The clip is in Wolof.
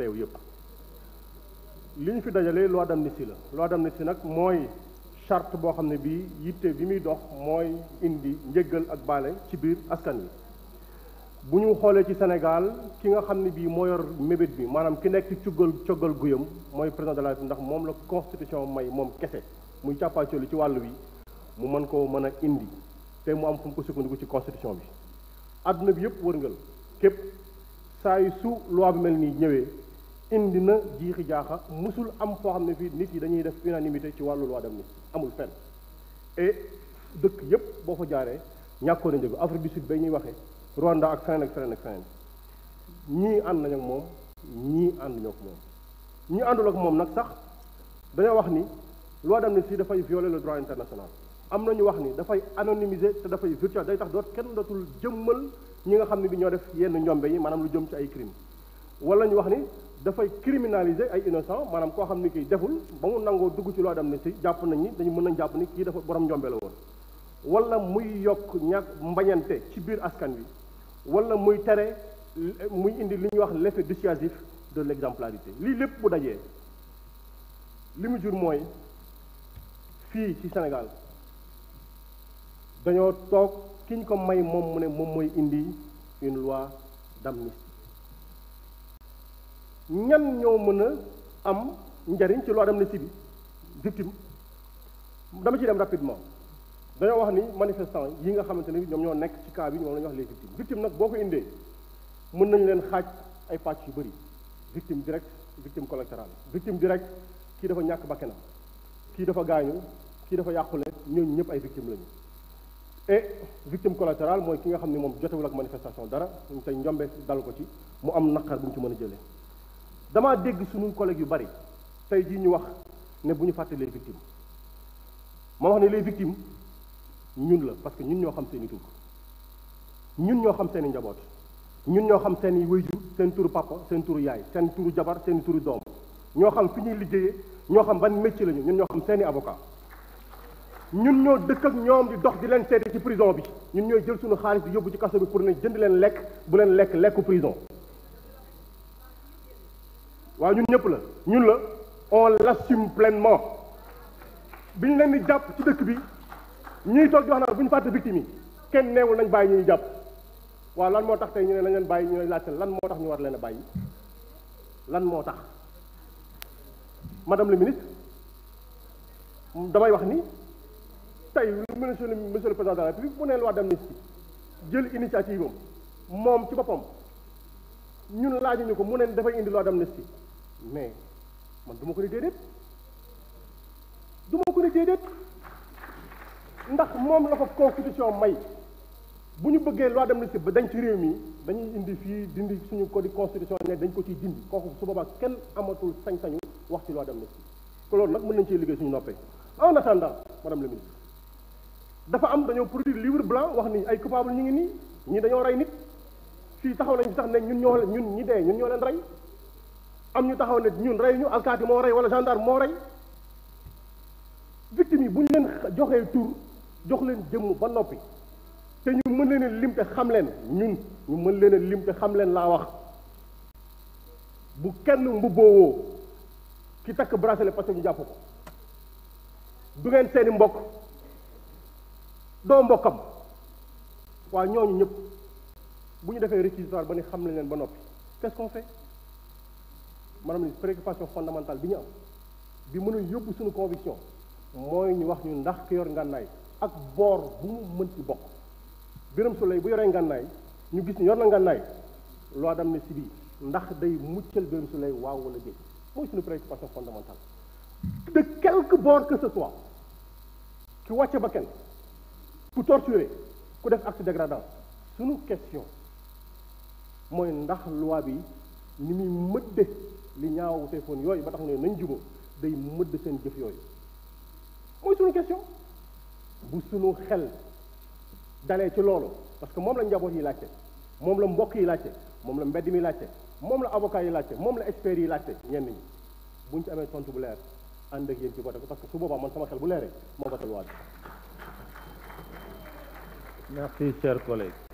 teew yëpp li ñu fi dajalee loi d'amnistie la loi d'amnistie nag mooy charte boo xam ne bii yitte bi muy dox mooy indi njëgal ak bale ci biir askan wi bu ñu xoolee ci Sénégal ki nga xam ne bii moo yor mébét bi maanaam ki nekk ci cuggal coggal guyam mooy président de la ndax moom la constitution may moom kese muy càppaacoli ci wàll wi mu mën koo mën a indi te mu am fu mu ko sukkandiku ci constitution bi àdduna bi yëpp wërngal képp saa su loi bi mel nii ñëwee indi na jiixi jaaxa mosul am foo xam ne fii nit yi dañuy def unanimité ci wàllu loi d'amnistie amul fenn e dëkk yépp boo fa jaaree ñàkkoon a njëgu Afrique du Sud ba ñuy waxee Rwanda ak feneen ak feneen ak ñii ànd nañ ak moom ñii ànduñu ak moom ñii àndul ak moom nag sax dañoo wax ni loi sii dafay violer le droit international am na ñu wax ni dafay anonymiser te dafay virtuel day tax doot kenn dootul jëmmal ñi nga xam ne bi ñoo def yenn njombe yi maanaam lu jëm ci ay crime wala ñu wax ni dafay criminaliser ay innocent maanaam koo xam ni kii deful ba mu nangoo dugg ci loi d'amnistie jàpp nañ ni dañu mën nañ jàpp ni kii dafa borom njombe la woon wala muy yokk ñàkk mbañante ci biir askan wi walla muy tere muy indi li ñuy wax l'effet dissuasif de l'exemplarité lii lépp bu dajee li mu jur mooy fii ci Sénégal dañoo toog kiñ ko may moom moom mooy indi une loi d'amnistie ñan ñoo mën a am njariñ ci loo loi d'amnistie bi victime dama ciy dem rapidement dañoo wax ni manifestant yi nga xamante ni ñoom ñoo nekk ci cas bi ñoom la ñu wax les victimes victime nag boo ko indee mën nañu leen xaaj ay pàcc yu bëri victime direct victime collatérale victime direct kii dafa ñàkk bakkanam kii dafa gaañu kii dafa yàqule ñooñu ñëpp ay victime lañu et victime collatérale mooy ki nga xam ne moom jotewul ak manifestation dara ñu tey njombe dalu ko ci mu am naqar bu mu ci mën a jëlee damaa dégg suñu collègues yu bari tey jii ñu wax ne bu ñu fàtte les victimes ma wax ne les victimes ñun la parce que ñun ñoo xam seen i tur ñun ñoo xam seen i njaboot ñun ñoo xam seen i wayjur seen turu papa seen turu yaay seen tur jabar seen tur doom ñoo xam fi ñuy liggéeye ñoo xam ban métier lañu ñun ñoo xam seen i avocat ñun ñoo dëkk ak ñoom di dox di leen seeti ci prison bi ñun ñoo jël suñu xaalis di yóbbu ci kaso bi pour ne jënd leen lekk bu leen lekk lekku prison waaw ñun ñëpp la ñun la on l'assume pleinement biñ leen di jàpp ci dëkk bi ñuy toog di wax naan bu ñu fàtte victime yi kenn neewul nañ bàyyi ñuy jàpp waa lan moo tax tey ñu ne nañ leen bàyyi ñu ne laajte lan moo tax ñu war leen a bàyyi lan moo tax madame la ministre damay wax ni tey monsieur le monsieur le président de la république mu ne loi d'amnistie jël initiative am moom ci boppam ñun laajuñu ko mu ne dafay indi loi d'amnistie mais man duma ko ne déedéet du ma ko ne déedéet ndax moom la ko constitution may bu ñu bëggee loi d'amnistie ba dañ ci réew mi dañuy indi fii dindi suñu code constitution ne dañ ko ciy dindi kooku su boobaat kenn amatul sañ-sañu wax ci loi d'amnistie ko loolu nag mën nañu cee liggéey suñu noppee en attendant madame la ministre dafa am dañoo produire livre blanc wax ni ay coupable ñu ngi nii ñi dañoo rey nit fii taxaw nañ fi sax ne ñun ñoo ñun ñi dee ñun ñoo leen am ñu taxaw ne ñun rey ñu alkaati moo rey wala gendarme moo rey victime yi bu ñu leen joxee tur jox leen jëmm ba noppi te ñu mën leen lim te xam leen ñun ñu mën leen a lim te xam leen laa wax bu kenn mbubboowoo ki takk bracelet parce ñu jàpp ko du ngeen seeni mbokk doo mbokkam waa ñooñu ñëpp bu ñu defee réquisitoire ba ni xam leen ba noppi quest fait maanaam ni préoccupation fondamentale bi ñu am bi mënul yóbbu suñu conviction mooy ñu wax ñu ndax ki yor ngànnaay ak boor bu mu mën ci bokk Birame Souleye bu yoree ngànnaay ñu gis ni yor na ngànnaay loi si bi ndax day muccal Birame Souleye waaw wala déet mooy suñu préoccupation fondamentale de quelque bord que ce soit ku wàcce ba kenn ku torturer ku def acte dégradant suñu question mooy ndax loi bi ni muy mëdde li ñaaw téléphone yooyu ba tax ne nañ jubóo day mëdd seen jëf yooyu mooy suñu question bu suñu xel dalee ci loolu parce que moom la njaboot yi laajte moom la mbokk yi laajte moom la mbedd mi laajte moom la avocat yi laajte moom la experts yi laajte ñenn ñi buñ ci amee tontu bu leer ànd ak yéen ci vote ko parce que su boobaa man sama xel bu leeree moo voté loi bi merci cher collègue